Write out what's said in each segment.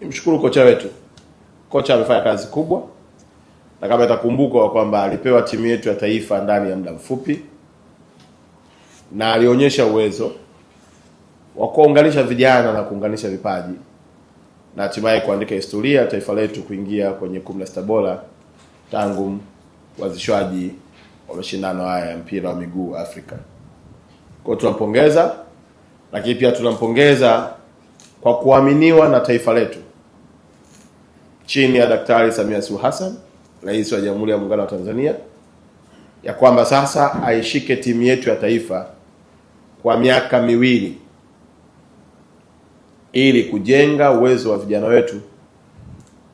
nimshukuru kocha wetu. Kocha amefanya kazi kubwa, na kama itakumbukwa kwamba alipewa timu yetu ya taifa ndani ya muda mfupi, na alionyesha uwezo wa kuunganisha vijana na kuunganisha vipaji na hatimaye kuandika historia taifa letu kuingia kwenye 16 bora tangu wazishwaji wa mashindano haya ya mpira wa miguu Afrika. Kwa hiyo tunampongeza, lakini pia tunampongeza kwa kuaminiwa na taifa letu chini ya Daktari Samia Suluhu Hassan, Rais wa Jamhuri ya Muungano wa Tanzania, ya kwamba sasa aishike timu yetu ya taifa kwa miaka miwili ili kujenga uwezo wa vijana wetu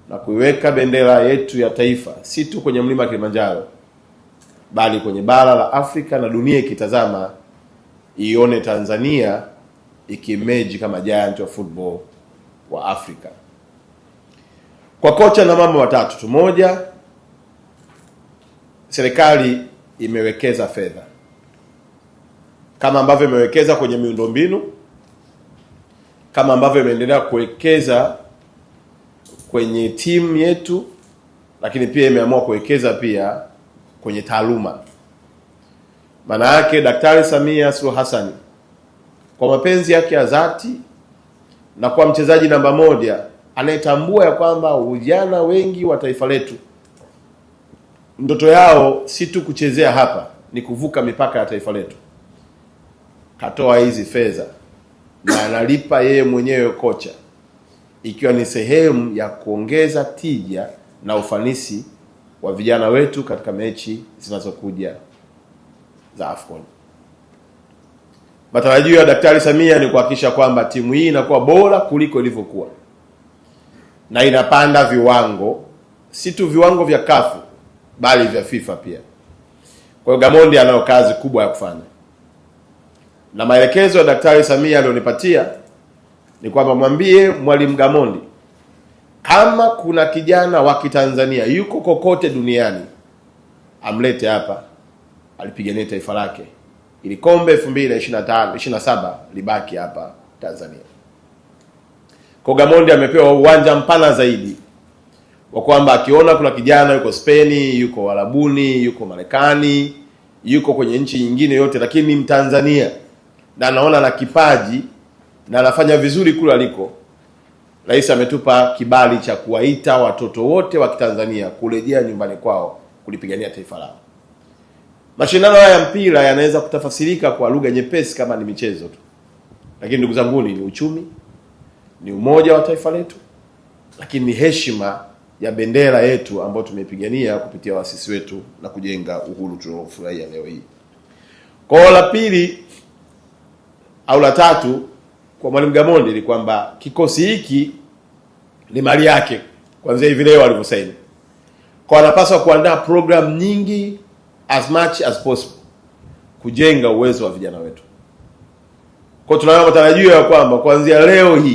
na kuiweka bendera yetu ya taifa si tu kwenye mlima Kilimanjaro bali kwenye bara la Afrika na dunia ikitazama ione Tanzania ikimeji kama giant wa football wa Afrika. Kwa kocha na mambo matatu tu, moja, serikali imewekeza fedha kama ambavyo imewekeza kwenye miundombinu, kama ambavyo imeendelea kuwekeza kwenye timu yetu, lakini pia imeamua kuwekeza pia kwenye taaluma. Maana yake Daktari Samia Suluhu Hassan kwa mapenzi yake ya dhati na kwa mchezaji namba moja anayetambua ya kwamba vijana wengi wa taifa letu ndoto yao si tu kuchezea hapa, ni kuvuka mipaka ya taifa letu. Katoa hizi fedha na analipa yeye mwenyewe kocha, ikiwa ni sehemu ya kuongeza tija na ufanisi wa vijana wetu katika mechi zinazokuja za AFCON. Matarajio ya Daktari Samia ni kuhakikisha kwamba timu hii inakuwa bora kuliko ilivyokuwa na inapanda viwango, si tu viwango vya kafu bali vya FIFA pia. Kwa hiyo Gamondi anayo kazi kubwa ya kufanya, na maelekezo ya Daktari Samia alionipatia ni kwamba mwambie Mwalimu Gamondi kama kuna kijana wa Kitanzania yuko kokote duniani amlete hapa alipigania taifa lake ili kombe 2025 27 libaki hapa Tanzania. Kogamondi amepewa uwanja mpana zaidi wa kwamba akiona kuna kijana yuko Spain, yuko Arabuni, yuko Marekani, yuko kwenye nchi nyingine yote, lakini ni Mtanzania na anaona na kipaji na anafanya vizuri kule aliko, Rais ametupa kibali cha kuwaita watoto wote wa Kitanzania kurejea nyumbani kwao kulipigania taifa lao. Mashindano haya ya mpira yanaweza kutafasirika kwa lugha nyepesi kama ni michezo tu, lakini ndugu zanguni, ni uchumi ni umoja wa taifa letu, lakini ni heshima ya bendera yetu ambayo tumepigania kupitia waasisi wetu na kujenga uhuru tunaofurahia leo hii. Kwa la pili au la tatu kwa Mwalimu Gamondi ni kwamba kikosi hiki ni mali yake kuanzia hivi leo alivyosaini, kwa anapaswa kuandaa program nyingi as much as possible kujenga uwezo wa vijana wetu. Kwa tunayo matarajio ya kwamba kuanzia leo hii